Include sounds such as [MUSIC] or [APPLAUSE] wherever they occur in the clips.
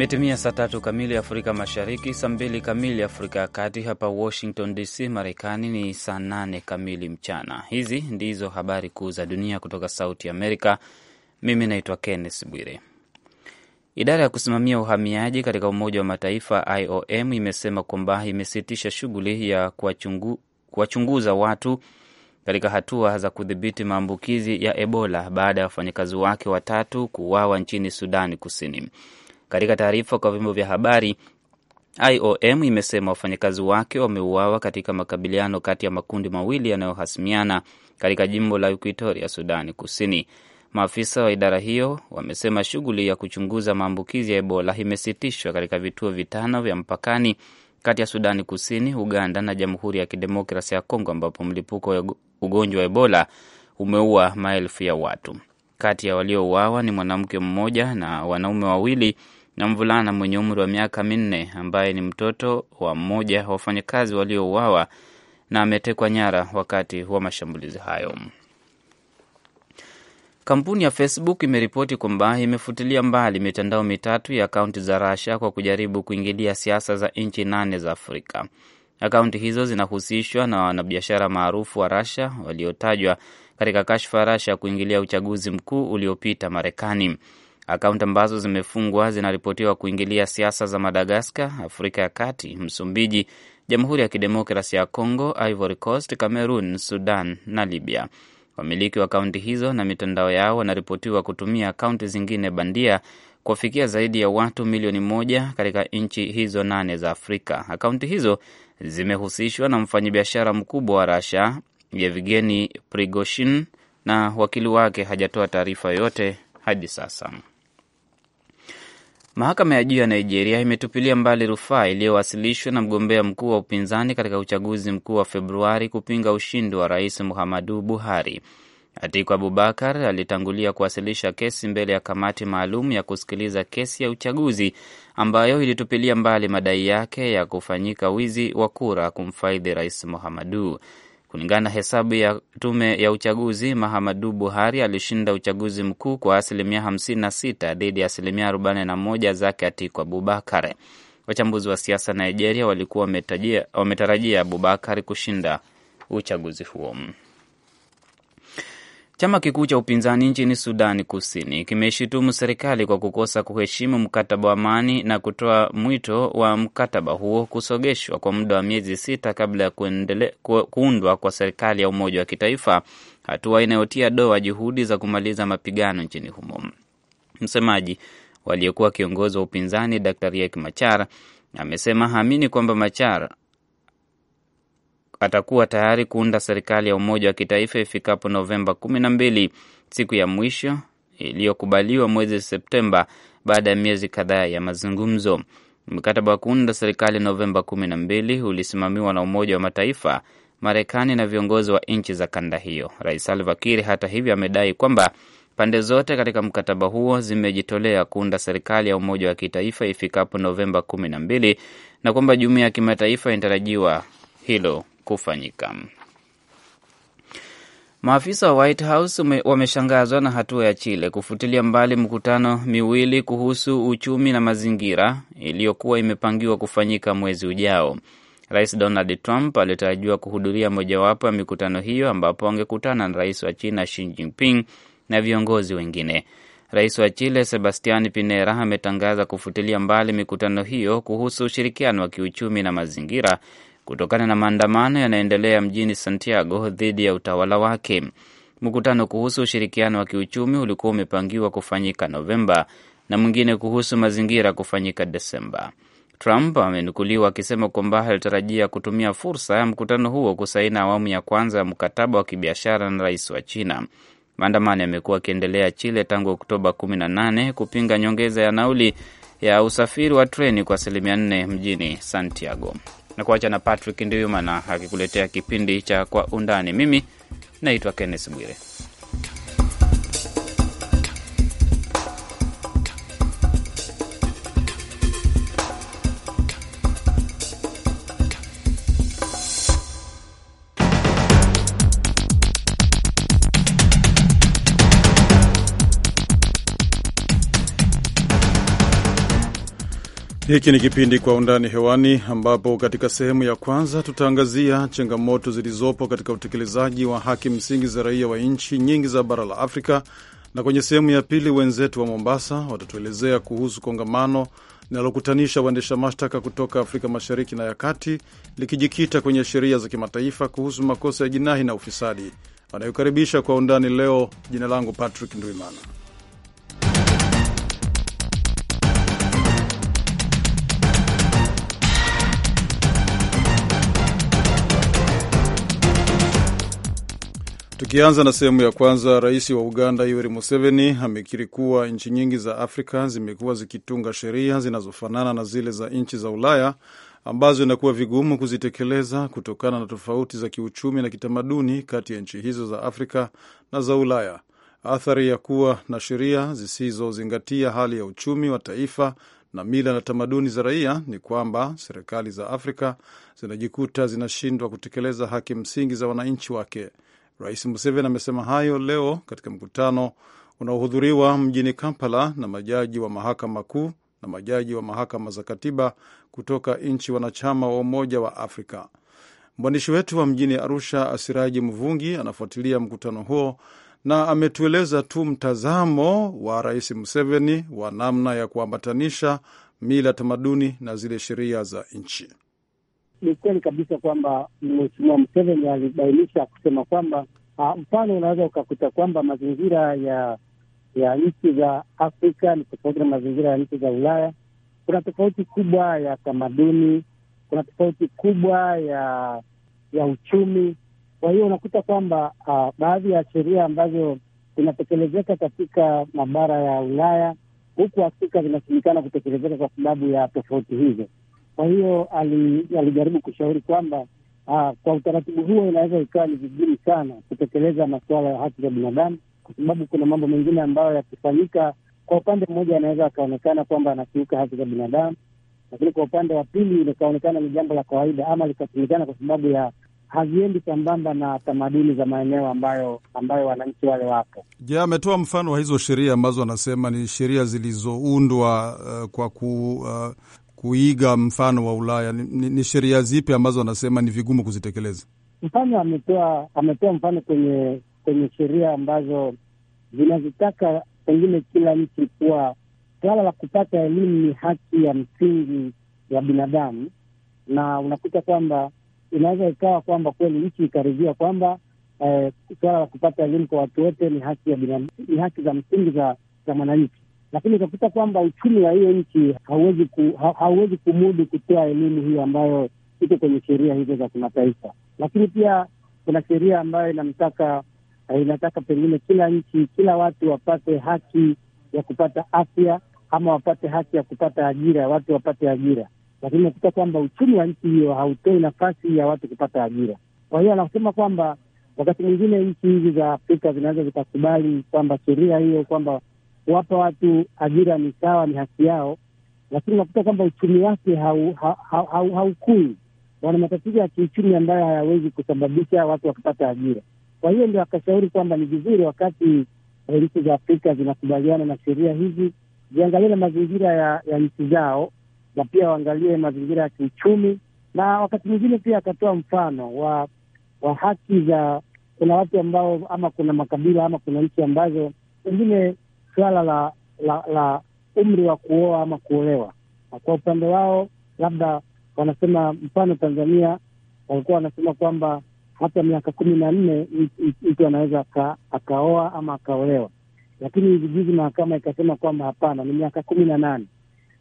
Imetimia saa tatu kamili Afrika Mashariki, saa mbili kamili Afrika ya Kati. Hapa Washington DC, Marekani ni saa nane kamili mchana. Hizi ndizo habari kuu za dunia kutoka Sauti Amerika. Mimi naitwa Kenneth Bwire. Idara ya kusimamia uhamiaji katika Umoja wa Mataifa, IOM, imesema kwamba imesitisha shughuli ya kuwachunguza watu katika hatua za kudhibiti maambukizi ya Ebola baada ya wafanyakazi wake watatu kuuawa nchini Sudani Kusini. Katika taarifa kwa vyombo vya habari, IOM imesema wafanyakazi wake wameuawa katika makabiliano kati ya makundi mawili yanayohasimiana katika jimbo la Equatoria, Sudani Kusini. Maafisa wa idara hiyo wamesema shughuli ya kuchunguza maambukizi ya Ebola imesitishwa katika vituo vitano vya mpakani kati ya Sudani Kusini, Uganda na Jamhuri ya Kidemokrasia ya Kongo, ambapo mlipuko wa ugonjwa wa Ebola umeua maelfu ya watu. Kati ya waliouawa ni mwanamke mmoja na wanaume wawili na mvulana mwenye umri wa miaka minne ambaye ni mtoto wa mmoja wa wafanyakazi waliouawa na ametekwa nyara wakati wa mashambulizi hayo. Kampuni ya Facebook imeripoti kwamba imefutilia mbali mitandao mitatu ya akaunti za Russia kwa kujaribu kuingilia siasa za nchi nane za Afrika. Akaunti hizo zinahusishwa na wanabiashara maarufu wa Russia waliotajwa katika kashfa ya Russia kuingilia uchaguzi mkuu uliopita Marekani. Akaunti ambazo zimefungwa zinaripotiwa kuingilia siasa za Madagaskar, Afrika ya Kati, Msumbiji, Jamhuri ya Kidemokrasi ya Congo, Ivory Coast, Cameroon, Sudan na Libya. Wamiliki wa akaunti hizo na mitandao yao wanaripotiwa kutumia akaunti zingine bandia kuwafikia zaidi ya watu milioni moja katika nchi hizo nane za Afrika. Akaunti hizo zimehusishwa na mfanyabiashara mkubwa wa Rasha Yevgeni Prigoshin, na wakili wake hajatoa taarifa yoyote hadi sasa. Mahakama ya juu ya Nigeria imetupilia mbali rufaa iliyowasilishwa na mgombea mkuu wa upinzani katika uchaguzi mkuu wa Februari kupinga ushindi wa Rais Muhammadu Buhari. Atiku Abubakar alitangulia kuwasilisha kesi mbele ya kamati maalum ya kusikiliza kesi ya uchaguzi ambayo ilitupilia mbali madai yake ya kufanyika wizi wa kura kumfaidhi Rais Muhammadu. Kulingana na hesabu ya tume ya uchaguzi, Mahamadu Buhari alishinda uchaguzi mkuu kwa asilimia 56 dhidi ya asilimia 41 zake Atiku Abubakar. Wachambuzi wa siasa Nigeria walikuwa wametarajia Abubakar kushinda uchaguzi huo. Chama kikuu cha upinzani nchini Sudani Kusini kimeshutumu serikali kwa kukosa kuheshimu mkataba wa amani na kutoa mwito wa mkataba huo kusogeshwa kwa muda wa miezi sita kabla ya kuundwa kwa serikali ya umoja wa kitaifa, hatua inayotia doa juhudi za kumaliza mapigano nchini humo. Msemaji waliyekuwa kiongozi wa upinzani Dr Riek Machar amesema haamini kwamba Machar atakuwa tayari kuunda serikali ya umoja wa kitaifa ifikapo Novemba kumi na mbili, siku ya mwisho iliyokubaliwa mwezi Septemba baada ya miezi kadhaa ya mazungumzo. Mkataba wa kuunda serikali Novemba kumi na mbili ulisimamiwa na Umoja wa Mataifa, Marekani na viongozi wa nchi za kanda hiyo. Rais Salva Kiir hata hivyo amedai kwamba pande zote katika mkataba huo zimejitolea kuunda serikali ya umoja wa kitaifa ifikapo Novemba kumi na mbili na kwamba jumuiya ya kimataifa inatarajiwa hilo kufanyika. Maafisa wa White House wameshangazwa na hatua ya Chile kufutilia mbali mkutano miwili kuhusu uchumi na mazingira iliyokuwa imepangiwa kufanyika mwezi ujao. Rais Donald Trump alitarajiwa kuhudhuria mojawapo ya mikutano hiyo ambapo angekutana na rais wa China Xi Jinping na viongozi wengine. Rais wa Chile Sebastian Pinera ametangaza kufutilia mbali mikutano hiyo kuhusu ushirikiano wa kiuchumi na mazingira kutokana na maandamano yanayoendelea mjini Santiago dhidi ya utawala wake. Mkutano kuhusu ushirikiano wa kiuchumi ulikuwa umepangiwa kufanyika Novemba na mwingine kuhusu mazingira kufanyika Desemba. Trump amenukuliwa akisema kwamba alitarajia kutumia fursa ya mkutano huo kusaina awamu ya kwanza ya mkataba wa kibiashara na rais wa China. Maandamano yamekuwa akiendelea Chile tangu Oktoba 18 kupinga nyongeza ya nauli ya usafiri wa treni kwa asilimia 4 mjini Santiago na kuacha na Patrick Ndiyumana akikuletea kipindi cha Kwa Undani. Mimi naitwa Kenneth Bwire. Hiki ni kipindi Kwa Undani hewani, ambapo katika sehemu ya kwanza tutaangazia changamoto zilizopo katika utekelezaji wa haki msingi za raia wa nchi nyingi za bara la Afrika, na kwenye sehemu ya pili wenzetu wa Mombasa watatuelezea kuhusu kongamano linalokutanisha waendesha mashtaka kutoka Afrika Mashariki na ya Kati, likijikita kwenye sheria za kimataifa kuhusu makosa ya jinai na ufisadi. Anayokaribisha Kwa Undani leo, jina langu Patrick Ndwimana. Tukianza na sehemu ya kwanza, rais wa Uganda Yoweri Museveni amekiri kuwa nchi nyingi za Afrika zimekuwa zikitunga sheria zinazofanana na zile za nchi za Ulaya ambazo inakuwa vigumu kuzitekeleza kutokana na tofauti za kiuchumi na kitamaduni kati ya nchi hizo za Afrika na za Ulaya. Athari ya kuwa na sheria zisizozingatia hali ya uchumi wa taifa na mila na tamaduni za raia ni kwamba serikali za Afrika zinajikuta zinashindwa kutekeleza haki msingi za wananchi wake. Rais Museveni amesema hayo leo katika mkutano unaohudhuriwa mjini Kampala na majaji wa mahakama kuu na majaji wa mahakama za katiba kutoka nchi wanachama wa Umoja wa Afrika. Mwandishi wetu wa mjini Arusha, Asiraji Mvungi, anafuatilia mkutano huo na ametueleza tu mtazamo wa Rais Museveni wa namna ya kuambatanisha mila, tamaduni na zile sheria za nchi ni kweli kabisa kwamba Mheshimiwa mseveni alibainisha kusema kwamba ah, mfano unaweza ukakuta kwamba mazingira ya ya nchi za Afrika ni tofauti na mazingira ya nchi za Ulaya. Kuna tofauti kubwa ya tamaduni, kuna tofauti kubwa ya ya uchumi. Kwa hiyo unakuta kwamba uh, baadhi ya sheria ambazo zinatekelezeka katika mabara ya Ulaya huku Afrika zinasimikana kutekelezeka kwa sababu ya tofauti hizo. Kwa hiyo alijaribu kushauri kwamba aa, ah, kwa utaratibu huo inaweza ikawa ni vigumu sana kutekeleza masuala ya haki za binadamu, kwa sababu kuna mambo mengine ambayo yakifanyika, kwa upande mmoja anaweza akaonekana kwamba anakiuka haki za binadamu, lakini kwa upande wa pili likaonekana ni jambo la kawaida ama likatumikana kwa sababu ya haziendi sambamba na tamaduni za maeneo ambayo ambayo wananchi wale wapo. Je, yeah, ametoa mfano wa hizo sheria ambazo anasema ni sheria zilizoundwa uh, kwa ku, uh, kuiga mfano wa Ulaya? Ni, ni, ni sheria zipi ambazo wanasema ni vigumu kuzitekeleza? Mfano ametoa ametoa mfano kwenye kwenye sheria ambazo zinazitaka pengine kila nchi kuwa suala la kupata elimu ni haki ya msingi ya binadamu, na unakuta kwamba inaweza ikawa kwamba kweli nchi ikaridhia kwamba eh, suala la kupata elimu kwa watu wote ni haki ya binadamu, ni haki za msingi za, za mwananchi lakini utakuta kwamba uchumi wa hiyo nchi hauwezi ku, ha, hauwezi kumudu kutoa elimu hiyo ambayo iko kwenye sheria hizo za kimataifa. Lakini pia kuna sheria ambayo inamtaka eh, inataka pengine kila nchi, kila watu wapate haki ya kupata afya ama wapate haki ya kupata ajira, watu wapate ajira, lakini unakuta kwamba uchumi wa nchi hiyo hautoi nafasi ya watu kupata ajira. Kwa hiyo anasema kwamba wakati mwingine nchi hizi za Afrika zinaweza zikakubali kwamba sheria hiyo kwamba kuwapa watu ajira ni sawa, ni haki yao, lakini unakuta kwamba uchumi wake haukui wana matatizo ya kiuchumi ambayo hayawezi kusababisha watu wakapata ajira. Kwa hiyo ndio akashauri kwamba ni vizuri wakati eh, nchi za Afrika zinakubaliana na sheria hizi ziangalie na mazingira ya, ya nchi zao na pia waangalie mazingira ya kiuchumi, na wakati mwingine pia akatoa mfano wa wa haki za kuna watu ambao ama kuna makabila ama kuna nchi ambazo pengine suala la, la la umri wa kuoa ama kuolewa. Kwa upande wao labda wanasema, mfano Tanzania walikuwa wanasema kwamba hata miaka kumi na nne mtu anaweza akaoa ama akaolewa, lakini hivi juzi mahakama ikasema kwamba hapana, ni miaka kumi na nane.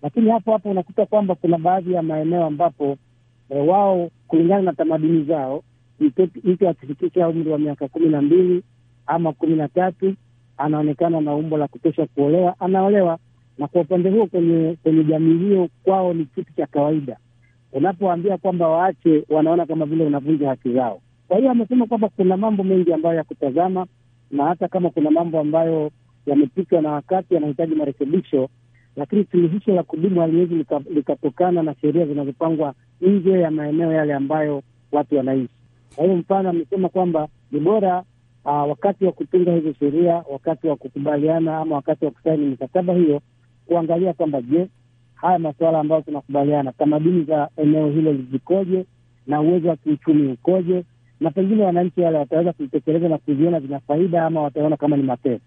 Lakini hapo hapo unakuta kwamba kuna baadhi ya maeneo ambapo e, wao kulingana na tamaduni zao mtu akifikisha umri wa miaka kumi na mbili ama kumi na tatu anaonekana na umbo la kutosha kuolewa, anaolewa. Na kwa upande huo, kwenye kwenye jamii hiyo, kwao ni kitu cha kawaida. Unapoambia kwamba waache, wanaona kama vile unavunja haki zao. Kwa hiyo amesema kwamba kuna mambo mengi ambayo ya kutazama, na hata kama kuna mambo ambayo yamepitwa na wakati, yanahitaji marekebisho, lakini suluhisho la kudumu haliwezi likatokana na sheria zinazopangwa nje ya maeneo yale ambayo watu wanaishi. Kwa hiyo, mfano amesema kwamba ni bora uh, wakati wa kutunga hizo sheria, wakati wa kukubaliana ama wakati wa kusaini mikataba hiyo, kuangalia kwamba je, haya masuala ambayo tunakubaliana, tamaduni za eneo hilo zikoje na uwezo wa kiuchumi ukoje, na pengine wananchi wale wataweza kuitekeleza na kuviona vina faida ama wataona kama ni mateso.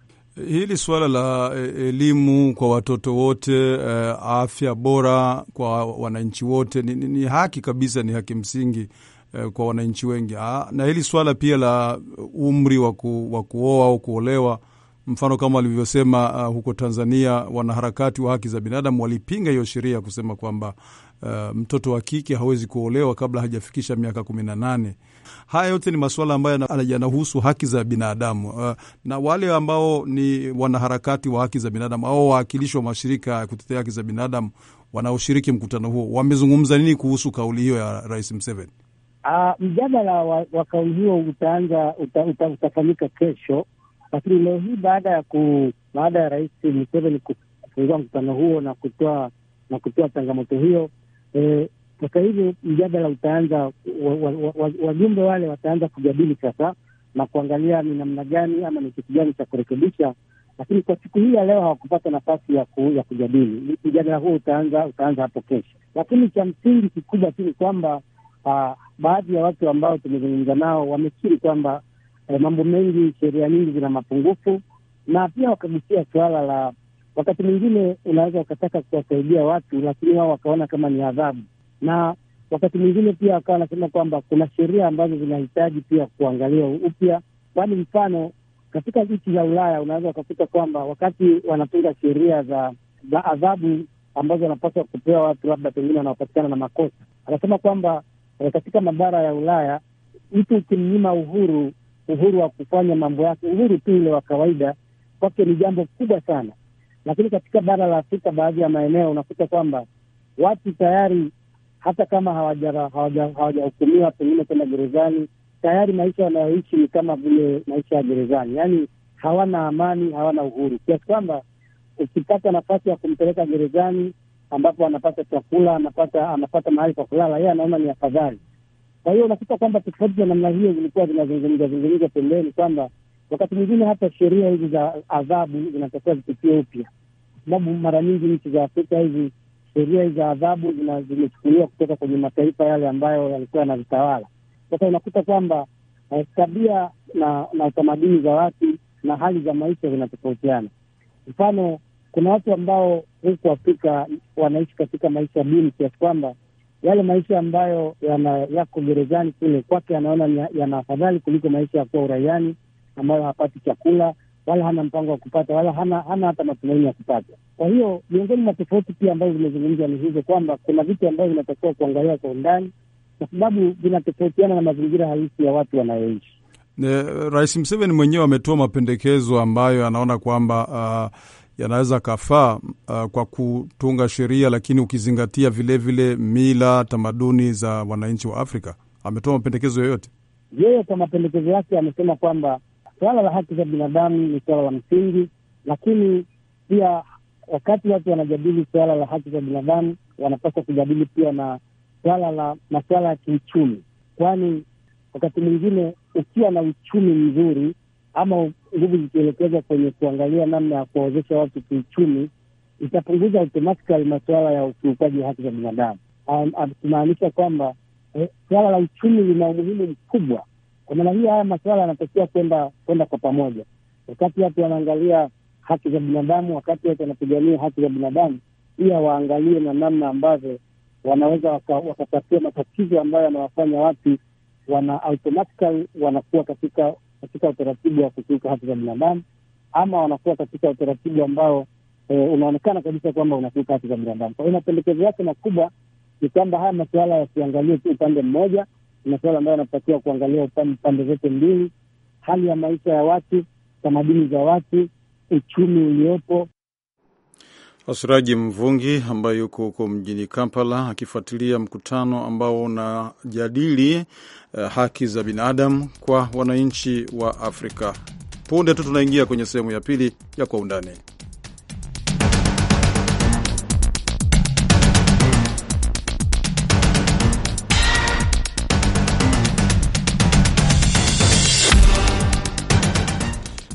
Hili suala la e, elimu kwa watoto wote, uh, afya bora kwa wananchi wote ni, ni, ni haki kabisa, ni haki msingi Eh, kwa wananchi wengi. Ah, na hili swala pia la umri wa waku, kuoa au kuolewa, mfano kama alivyosema uh, ah, huko Tanzania wanaharakati wa haki za binadamu walipinga hiyo sheria kusema kwamba uh, mtoto wa kike hawezi kuolewa kabla hajafikisha miaka kumi na nane. Haya yote ni masuala ambayo yanahusu haki za binadamu uh, na wale ambao ni wanaharakati wa haki za binadamu au wawakilishi wa mashirika ya kutetea haki za binadamu wanaoshiriki mkutano huo wamezungumza nini kuhusu kauli hiyo ya Rais Museveni? Uh, mjadala wa, wa kauli hiyo utaanza uta, uta, utafanyika kesho, lakini leo hii baada ya ku, baada ya Rais Museveni kufungua mkutano huo na kutoa na kutoa changamoto hiyo eh, sasa hivi mjadala utaanza, wajumbe wa, wa, wale wataanza kujadili sasa na kuangalia ni namna gani ama ni kitu gani cha kurekebisha, lakini kwa siku hii ya leo hawakupata nafasi ya, ku, ya kujadili. Mjadala huo utaanza utaanza hapo kesho, lakini cha msingi kikubwa tu ni kwamba Ah, baadhi ya watu ambao tumezungumza nao wamekiri kwamba eh, mambo mengi, sheria nyingi zina mapungufu, na pia wakagusia suala la wakati mwingine unaweza ukataka kuwasaidia watu, lakini wao wakaona kama ni adhabu, na wakati mwingine pia wakawa wanasema kwamba kuna sheria ambazo zinahitaji pia kuangalia upya, kwani mfano katika nchi za Ulaya unaweza ukakuta kwamba wakati wanatunga sheria za za adhabu ambazo wanapaswa kupewa watu labda pengine wanaopatikana na makosa, anasema kwamba Eh, katika mabara ya Ulaya, mtu ukimnyima uhuru, uhuru wa kufanya mambo yake, uhuru tu ile wa kawaida, kwake ni jambo kubwa sana. Lakini katika bara la Afrika, baadhi ya maeneo unakuta kwamba watu tayari hata kama hawajahukumiwa hawaja, hawaja pengine kwenda gerezani, tayari maisha wanayoishi ni kama vile maisha ya gerezani, yaani hawana amani, hawana uhuru, kiasi kwamba ukipata nafasi ya kumpeleka gerezani ambapo anapata chakula, anapata anapata mahali pa kulala, yeye anaona ni afadhali. Kwa hiyo unakuta kwamba tofauti za namna hiyo zilikuwa zinazungumza zungumza pembeni, kwamba wakati mwingine hata sheria hizi za adhabu zinatakiwa zipitie upya, kwa sababu mara nyingi nchi za Afrika hizi sheria za adhabu zimechukuliwa kutoka kwenye mataifa yale ambayo yalikuwa yanazitawala. Sasa unakuta kwamba eh, tabia na na utamaduni za watu na hali za maisha zinatofautiana. Mfano, kuna watu ambao huku Afrika wanaishi katika maisha duni kiasi kwamba yale maisha ambayo yana, yako gerezani kule kwake anaona yana afadhali kuliko maisha ya kuwa uraiani ambayo hapati chakula wala hana mpango wa kupata wala hana hana hata matumaini ya kupata. Kwa hiyo miongoni mwa tofauti pia ambazo zimezungumzwa ni hizo, kwamba kuna vitu ambavyo vinatakiwa kuangalia kwa undani, kwa sababu vinatofautiana na mazingira halisi ya watu wanayoishi. Eh, Rais mseveni mwenyewe ametoa mapendekezo ambayo anaona kwamba uh, yanaweza kafaa uh, kwa kutunga sheria, lakini ukizingatia vilevile vile mila, tamaduni za wananchi wa Afrika. Ametoa mapendekezo yoyote? Yeye kwa mapendekezo yake amesema kwamba suala la haki za binadamu ni suala la msingi, lakini pia wakati watu wanajadili suala la haki za binadamu wanapaswa kujadili pia na suala la masuala ya kiuchumi, kwani wakati mwingine ukiwa na uchumi mzuri ama nguvu zikielekezwa kwenye kuangalia namna ya kuwawezesha watu kiuchumi, itapunguza automatically masuala ya ukiukaji wa haki za binadamu, akimaanisha um, um, kwamba eh, suala la uchumi lina umuhimu mkubwa. Kwa maana hiyo, haya masuala yanatakiwa kwenda kwenda kwa pamoja. Wakati watu wanaangalia haki za binadamu, wakati watu wanapigania haki za binadamu, pia waangalie na namna ambavyo wanaweza wakatatua matatizo ambayo yanawafanya watu wana automatically wanakuwa katika katika utaratibu wa kukiuka haki za binadamu ama wanakuwa katika utaratibu ambao e, unaonekana kabisa kwamba unakiuka haki za binadamu. Kwa hiyo mapendekezo yake makubwa ni kwamba haya masuala yasiangalie tu upande mmoja, ni masuala ambayo yanatakiwa kuangalia pande zote mbili, hali ya maisha ya watu, tamaduni za watu, uchumi uliopo Asiraji Mvungi ambaye yuko huko mjini Kampala akifuatilia mkutano ambao unajadili eh, haki za binadamu kwa wananchi wa Afrika. Punde tu tunaingia kwenye sehemu ya pili ya Kwa Undani.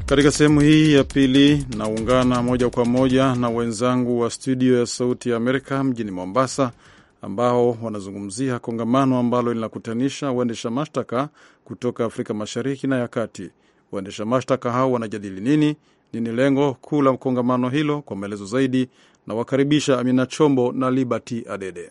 Katika sehemu hii ya pili naungana moja kwa moja na wenzangu wa studio ya Sauti ya Amerika mjini Mombasa, ambao wanazungumzia kongamano ambalo linakutanisha waendesha mashtaka kutoka Afrika Mashariki na ya Kati. Waendesha mashtaka hao wanajadili nini? Nini lengo kuu la kongamano hilo? Kwa maelezo zaidi, nawakaribisha Amina Chombo na Liberty Adede.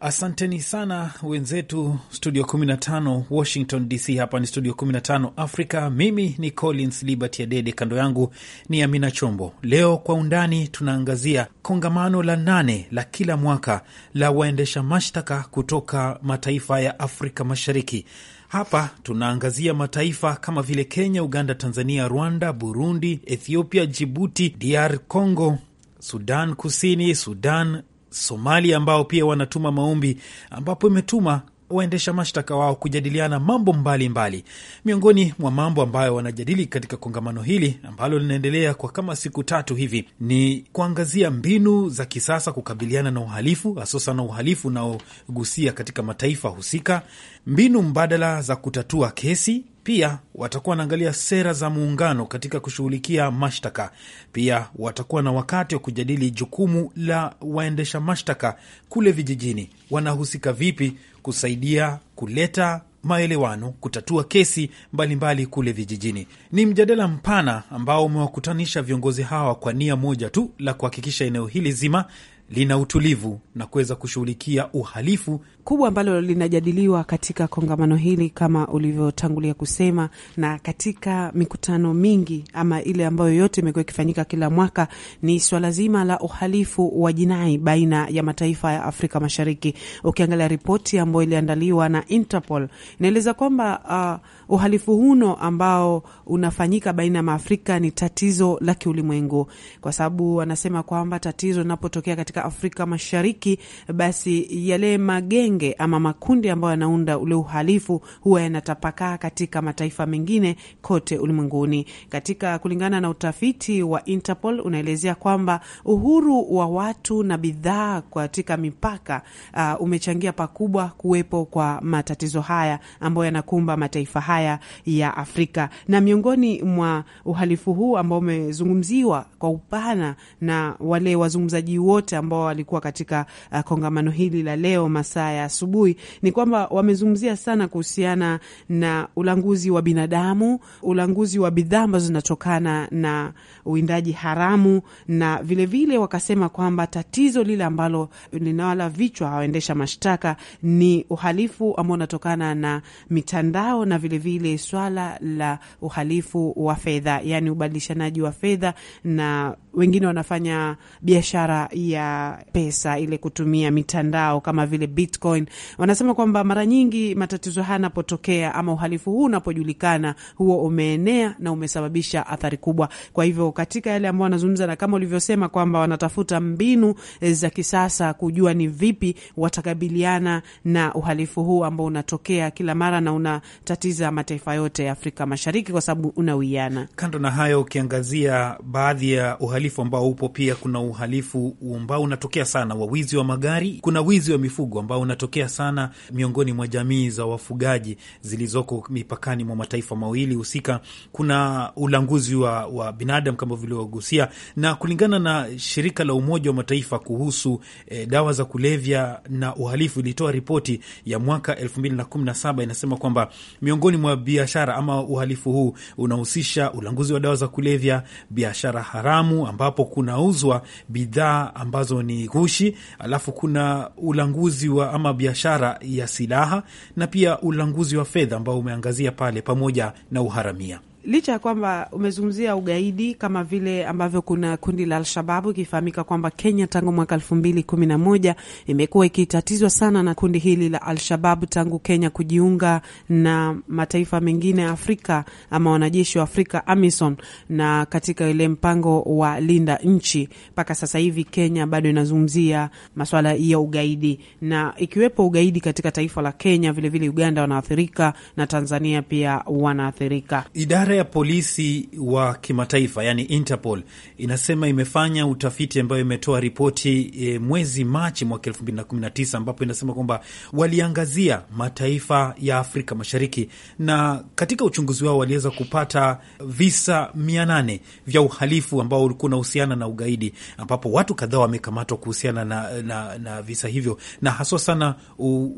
Asanteni sana wenzetu studio 15 Washington DC. Hapa ni studio 15 Africa. Mimi ni Collins Liberty Adede, kando yangu ni Amina Chombo. Leo kwa undani tunaangazia kongamano la nane la kila mwaka la waendesha mashtaka kutoka mataifa ya Afrika Mashariki. Hapa tunaangazia mataifa kama vile Kenya, Uganda, Tanzania, Rwanda, Burundi, Ethiopia, Jibuti, DR Congo, Sudan Kusini, Sudan Somalia ambao pia wanatuma maombi, ambapo imetuma waendesha mashtaka wao kujadiliana mambo mbalimbali mbali. Miongoni mwa mambo ambayo wanajadili katika kongamano hili ambalo linaendelea kwa kama siku tatu hivi ni kuangazia mbinu za kisasa kukabiliana na uhalifu hasusa na uhalifu unaogusia katika mataifa husika, mbinu mbadala za kutatua kesi pia watakuwa wanaangalia sera za muungano katika kushughulikia mashtaka. Pia watakuwa na wakati wa kujadili jukumu la waendesha mashtaka kule vijijini, wanahusika vipi kusaidia kuleta maelewano kutatua kesi mbalimbali mbali kule vijijini. Ni mjadala mpana ambao umewakutanisha viongozi hawa kwa nia moja tu la kuhakikisha eneo hili zima lina utulivu na kuweza kushughulikia uhalifu kubwa ambalo linajadiliwa katika kongamano hili kama ulivyotangulia kusema, na katika mikutano mingi ama ile ambayo yote imekuwa ikifanyika kila mwaka ni swala zima la uhalifu wa jinai baina ya mataifa ya Afrika Mashariki. Ukiangalia ripoti ambayo iliandaliwa na Interpol inaeleza kwamba uh, uhalifu huno ambao unafanyika baina ya maafrika ni tatizo la kiulimwengu, kwa sababu wanasema kwamba tatizo linapotokea katika Afrika Mashariki basi yale magenge magenge ama makundi ambayo yanaunda ule uhalifu huwa yanatapakaa katika mataifa mengine kote ulimwenguni. Katika kulingana na utafiti wa Interpol unaelezea kwamba uhuru wa watu na bidhaa katika mipaka uh, umechangia pakubwa kuwepo kwa matatizo haya ambayo yanakumba mataifa haya ya Afrika. Na miongoni mwa uhalifu huu ambao umezungumziwa kwa upana na wale wazungumzaji wote ambao walikuwa katika uh, kongamano hili la leo masaa ya asubuhi ni kwamba wamezungumzia sana kuhusiana na ulanguzi wa binadamu, ulanguzi wa bidhaa ambazo zinatokana na uwindaji haramu, na vilevile vile wakasema kwamba tatizo lile ambalo linawala vichwa waendesha mashtaka ni uhalifu ambao unatokana na mitandao na vilevile vile swala la uhalifu wa fedha, yani ubadilishanaji wa fedha, na wengine wanafanya biashara ya pesa ile kutumia mitandao kama vile Bitcoin Bitcoin. Wanasema kwamba mara nyingi matatizo haya yanapotokea ama uhalifu huu unapojulikana, huo umeenea na umesababisha athari kubwa. Kwa hivyo katika yale ambao wanazungumza, na kama ulivyosema kwamba wanatafuta mbinu eh, za kisasa kujua ni vipi watakabiliana na uhalifu huu ambao unatokea kila mara na unatatiza mataifa yote ya Afrika Mashariki kwa sababu unawiana. Kando na hayo, ukiangazia baadhi ya uhalifu ambao upo, pia kuna uhalifu ambao unatokea sana wa wizi wa magari, kuna wizi wa mifugo ambao una yanatokea sana miongoni mwa jamii za wafugaji zilizoko mipakani mwa mataifa mawili husika. Kuna ulanguzi wa, wa binadamu kama vilivyogusia, na kulingana na shirika la Umoja wa Mataifa kuhusu e, dawa za kulevya na uhalifu ilitoa ripoti ya mwaka 2017 inasema kwamba miongoni mwa biashara ama uhalifu huu unahusisha ulanguzi wa dawa za kulevya, biashara haramu ambapo kunauzwa bidhaa ambazo ni ghushi, alafu kuna ulanguzi wa ama kama biashara ya silaha na pia ulanguzi wa fedha ambao umeangazia pale, pamoja na uharamia licha ya kwamba umezungumzia ugaidi kama vile ambavyo kuna kundi la Alshababu ikifahamika kwamba Kenya tangu mwaka elfu mbili kumi na moja imekuwa ikitatizwa sana na kundi hili la Alshababu tangu Kenya kujiunga na mataifa mengine ya Afrika ama wanajeshi wa Afrika AMISON na katika ile mpango wa linda nchi, mpaka sasa hivi Kenya bado inazungumzia maswala ya ugaidi na ikiwepo ugaidi katika taifa la Kenya. Vilevile vile Uganda wanaathirika na Tanzania pia wanaathirika Idara Idara ya polisi wa kimataifa yani Interpol inasema imefanya utafiti ambayo imetoa ripoti e, mwezi Machi mwaka 2019 ambapo inasema kwamba waliangazia mataifa ya Afrika Mashariki, na katika uchunguzi wao waliweza kupata visa 800 vya uhalifu ambao ulikuwa unahusiana na ugaidi, ambapo watu kadhaa wamekamatwa kuhusiana na, na, na visa hivyo, na haswa sana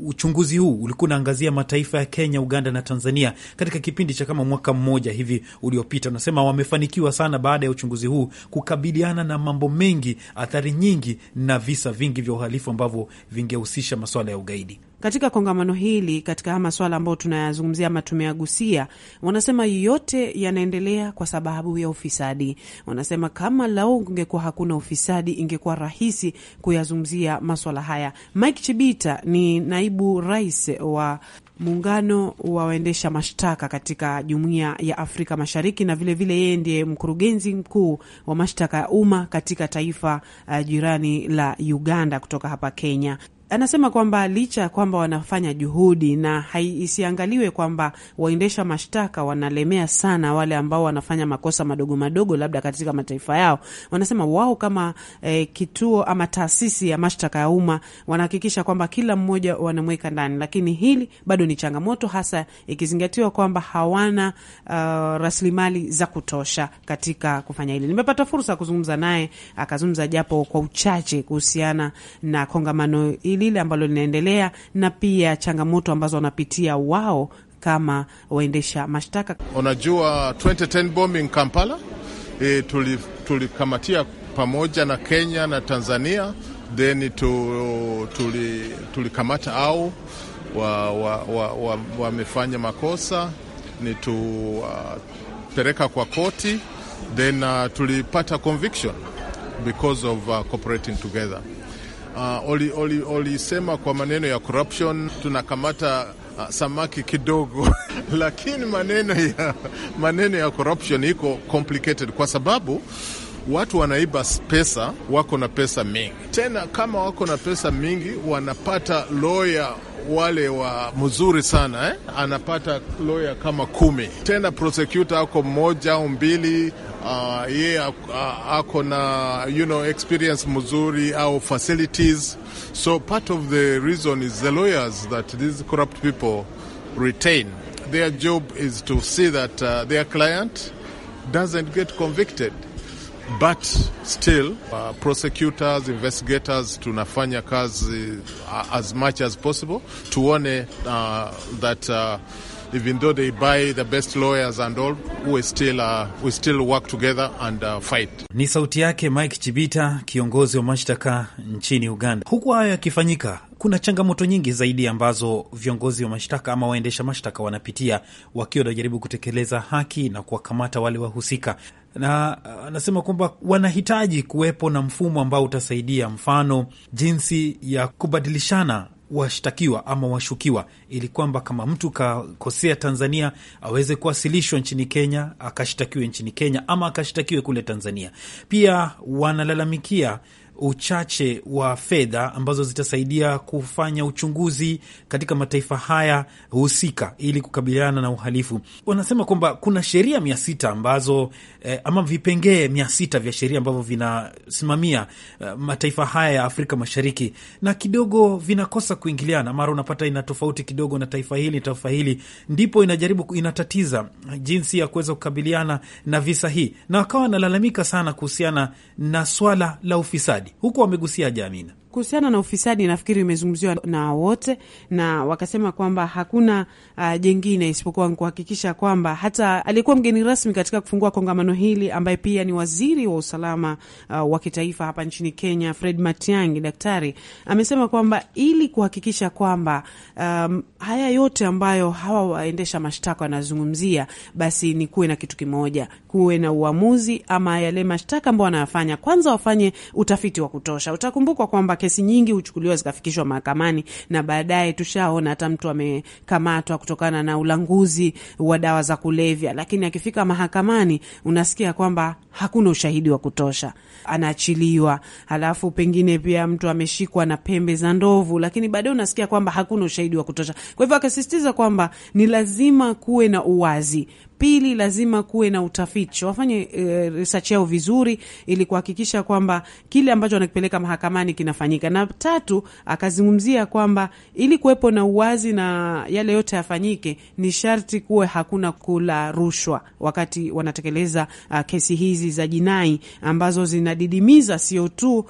uchunguzi huu ulikuwa unaangazia mataifa ya Kenya, Uganda na Tanzania katika kipindi cha kama mwaka mmoja hivi uliopita. Unasema wamefanikiwa sana baada ya uchunguzi huu kukabiliana na mambo mengi, athari nyingi na visa vingi vya uhalifu ambavyo vingehusisha masuala ya ugaidi katika kongamano hili, katika maswala ambayo tunayazungumzia ama tumeagusia, wanasema yote yanaendelea kwa sababu ya ufisadi. Wanasema kama lau ungekuwa hakuna ufisadi, ingekuwa rahisi kuyazungumzia maswala haya. Mike Chibita ni naibu rais wa muungano wa waendesha mashtaka katika jumuiya ya Afrika Mashariki, na vilevile yeye ndiye mkurugenzi mkuu wa mashtaka ya umma katika taifa uh, jirani la Uganda kutoka hapa Kenya anasema kwamba licha ya kwamba wanafanya juhudi na isiangaliwe kwamba waendesha mashtaka wanalemea sana wale ambao wanafanya makosa madogo madogo labda katika mataifa yao. Wanasema wao kama eh, kituo ama taasisi ya mashtaka ya umma wanahakikisha kwamba kila mmoja wanamweka ndani, lakini hili bado ni changamoto, hasa ikizingatiwa kwamba hawana uh, rasilimali za kutosha katika kufanya hili. Nimepata fursa ya kuzungumza naye, akazungumza japo kwa uchache kuhusiana na kongamano hili lile ambalo linaendelea na pia changamoto ambazo wanapitia wao kama waendesha mashtaka. Unajua, 2010 bombing Kampala, e, tulikamatia tuli pamoja na Kenya na Tanzania, then tulikamata tuli au wamefanya wa, wa, wa, wa makosa ni tupeleka uh, kwa koti then uh, tulipata conviction because of uh, cooperating together uh, oli, kwa maneno ya corruption tunakamata uh, samaki kidogo [LAUGHS] lakini maneno ya, maneno ya corruption iko complicated kwa sababu watu wanaiba pesa, wako na pesa mingi. Tena kama wako na pesa mingi, wanapata loya wale wa mzuri sana eh? Anapata loya kama kumi, tena prosecutor ako mmoja au mbili. Uh, yeye yeah, uh, ako na you know, experience mzuri au facilities. So part of the reason is the lawyers that these corrupt people retain. Their job is to see that uh, their client doesn't get convicted but still uh, prosecutors investigators tunafanya kazi uh, as much as possible tuone uh, that uh, even though they buy the best lawyers and all we still, uh, we still work together and uh, fight. Ni sauti yake Mike Chibita, kiongozi wa mashtaka nchini Uganda. Huku hayo yakifanyika kuna changamoto nyingi zaidi ambazo viongozi wa mashtaka ama waendesha mashtaka wanapitia wakiwa wanajaribu kutekeleza haki na kuwakamata wale wahusika, na anasema uh, kwamba wanahitaji kuwepo na mfumo ambao utasaidia, mfano jinsi ya kubadilishana washtakiwa ama washukiwa, ili kwamba kama mtu kakosea Tanzania aweze kuwasilishwa nchini Kenya akashtakiwe nchini Kenya ama akashtakiwe kule Tanzania. Pia wanalalamikia uchache wa fedha ambazo zitasaidia kufanya uchunguzi katika mataifa haya husika ili kukabiliana na uhalifu. Wanasema kwamba kuna sheria mia sita ambazo eh, ama vipengee mia sita vya sheria ambavyo vinasimamia eh, mataifa haya ya Afrika Mashariki na kidogo vinakosa kuingiliana, mara unapata ina tofauti kidogo na taifa hili taifa hili, ndipo inajaribu inatatiza jinsi ya kuweza kukabiliana na visa hii, na wakawa wanalalamika sana kuhusiana na swala la ufisadi huku wamegusia Jamina. Kuhusiana na ufisadi, nafikiri imezungumziwa na wote na wakasema kwamba hakuna uh, jengine isipokuwa kuhakikisha kwamba hata aliyekuwa mgeni rasmi katika kufungua kongamano hili ambaye pia ni waziri wa usalama uh, wa kitaifa hapa nchini Kenya, Fred Matiang'i, daktari amesema kwamba ili kuhakikisha kwamba um, haya yote ambayo hawa waendesha mashtaka wanazungumzia, basi ni kuwe na kitu kimoja, kuwe na uamuzi ama yale mashtaka ambao wanayafanya, kwanza wafanye utafiti wa kutosha. Utakumbukwa kwamba kesi nyingi huchukuliwa zikafikishwa mahakamani, na baadaye tushaona hata mtu amekamatwa kutokana na ulanguzi wa dawa za kulevya, lakini akifika mahakamani unasikia kwamba hakuna ushahidi wa kutosha, anaachiliwa. Halafu pengine pia mtu ameshikwa na pembe za ndovu, lakini baadaye unasikia kwamba hakuna ushahidi wa kutosha. Kwa hivyo akasisitiza kwamba ni lazima kuwe na uwazi Pili, lazima kuwe na utafiti, wafanye e, research yao vizuri, ili kuhakikisha kwamba kile ambacho wanakipeleka mahakamani kinafanyika. Na tatu, akazungumzia kwamba ili kuwepo na uwazi na yale yote yafanyike, ni sharti kuwe hakuna kula rushwa wakati wanatekeleza uh, kesi hizi za jinai ambazo zinadidimiza sio tu uh,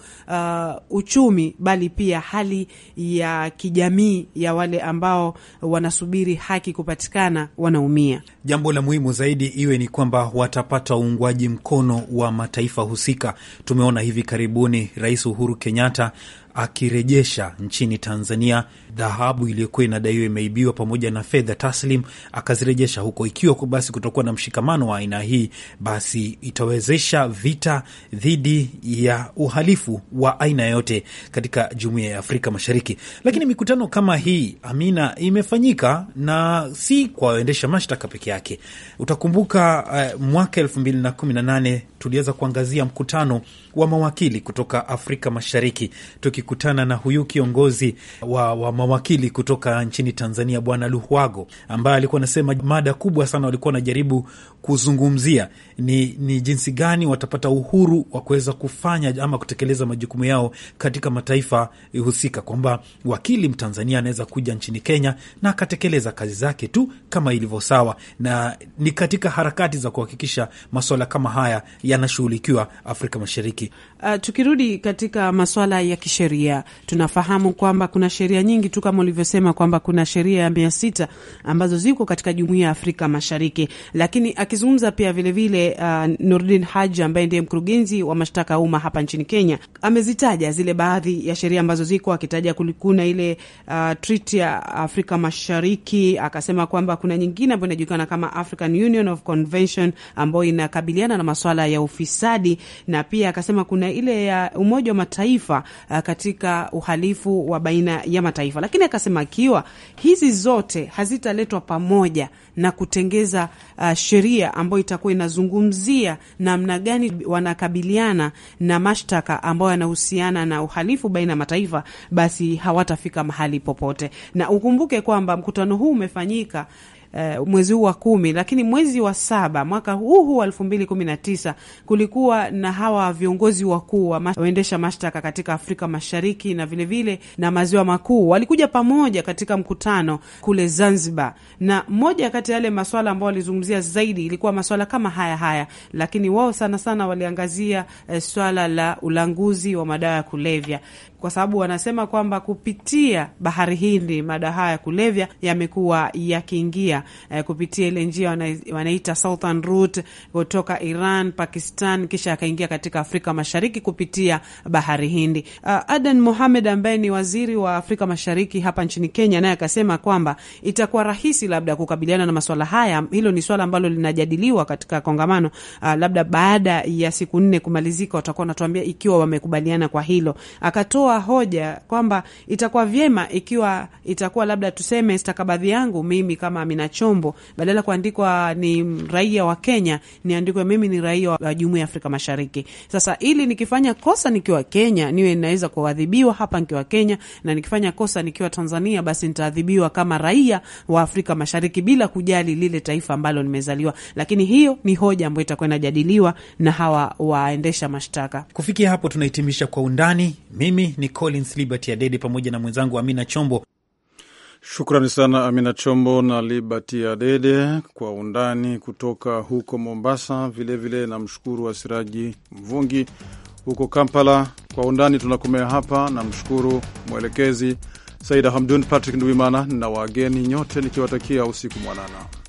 uchumi bali pia hali ya kijamii ya wale ambao wanasubiri haki kupatikana, wanaumia. Jambo la muhimu muhimu zaidi iwe ni kwamba watapata uungwaji mkono wa mataifa husika. Tumeona hivi karibuni Rais Uhuru Kenyatta akirejesha nchini Tanzania dhahabu iliyokuwa inadaiwa imeibiwa pamoja na fedha taslim, akazirejesha huko. Ikiwa basi kutokuwa na mshikamano wa aina hii, basi itawezesha vita dhidi ya uhalifu wa aina yote katika jumuiya ya Afrika Mashariki. Lakini mikutano kama hii, Amina, imefanyika na si kwa waendesha mashtaka peke yake. Utakumbuka uh, mwaka elfu mbili na kumi na nane tuliweza kuangazia mkutano wa mawakili kutoka Afrika Mashariki tuki akikutana na huyu kiongozi wa, wa mawakili kutoka nchini Tanzania Bwana Luhwago ambaye alikuwa anasema mada kubwa sana walikuwa wanajaribu kuzungumzia ni, ni jinsi gani watapata uhuru wa kuweza kufanya ama kutekeleza majukumu yao katika mataifa husika, kwamba wakili Mtanzania anaweza kuja nchini Kenya na akatekeleza kazi zake tu kama ilivyo sawa, na ni katika harakati za kuhakikisha maswala kama haya yanashughulikiwa Afrika Mashariki. Uh, tukirudi katika maswala ya kisheria, tunafahamu kwamba kuna sheria nyingi tu kama ulivyosema kwamba kuna sheria ya mia sita ambazo ziko katika Jumuiya ya Afrika Mashariki, lakini Akizungumza pia vilevile uh, Nurdin Haji ambaye ndiye mkurugenzi wa mashtaka ya umma hapa nchini Kenya amezitaja zile baadhi ya sheria ambazo ziko, akitaja kuna ile uh, treaty ya Afrika Mashariki, akasema kwamba kuna nyingine ambayo inajulikana kama African Union of Convention ambayo inakabiliana na maswala ya ufisadi, na pia akasema kuna ile ya Umoja wa Mataifa uh, katika uhalifu wa baina ya mataifa, lakini akasema ikiwa hizi zote hazitaletwa pamoja na kutengeza uh, sheria pia ambayo itakuwa inazungumzia namna gani wanakabiliana na mashtaka ambayo yanahusiana na uhalifu baina ya mataifa, basi hawatafika mahali popote. Na ukumbuke kwamba mkutano huu umefanyika uh, mwezi huu wa kumi, lakini mwezi wa saba mwaka huu huu wa elfu mbili kumi na tisa kulikuwa na hawa viongozi wakuu wa waendesha mashtaka katika Afrika Mashariki na vilevile vile na maziwa makuu walikuja pamoja katika mkutano kule Zanzibar, na moja kati ya yale maswala ambao walizungumzia zaidi ilikuwa maswala kama haya haya, lakini wao sana sana waliangazia eh, swala la ulanguzi wa madawa ya kulevya kwa sababu wanasema kwamba kupitia bahari Hindi madawa ya kulevya yamekuwa yakiingia eh, kupitia ile njia wanaita Southern Route kutoka Iran, Pakistan, kisha yakaingia katika Afrika Mashariki kupitia bahari Hindi. Uh, ah, Adan Mohamed ambaye ni waziri wa Afrika Mashariki hapa nchini Kenya, naye akasema kwamba itakuwa rahisi labda kukabiliana na maswala haya. Hilo ni swala ambalo linajadiliwa katika kongamano uh, labda baada ya siku nne kumalizika watakuwa wanatuambia ikiwa wamekubaliana kwa hilo. Akatoa kutoa hoja kwamba itakuwa vyema ikiwa itakuwa labda tuseme stakabadhi yangu mimi kama Amina Chombo badala kuandikwa ni raia wa Kenya niandikwe mimi ni raia wa Jumuiya ya Afrika Mashariki. Sasa ili nikifanya kosa nikiwa Kenya niwe ninaweza kuadhibiwa hapa nikiwa Kenya, na nikifanya kosa nikiwa Tanzania basi nitaadhibiwa kama raia wa Afrika Mashariki bila kujali lile taifa ambalo nimezaliwa. Lakini hiyo ni hoja ambayo itakwenda jadiliwa na hawa waendesha mashtaka. Kufikia hapo tunahitimisha kwa undani. Mimi ni Collins Liberty Adede pamoja na mwenzangu Amina Chombo. Shukrani sana Amina Chombo na Liberty Adede kwa undani kutoka huko Mombasa. Vilevile namshukuru Asiraji Mvungi huko Kampala. Kwa undani tunakomea hapa. Namshukuru mwelekezi Saida Hamdun, Patrick Ndwimana na wageni nyote nikiwatakia usiku mwanana.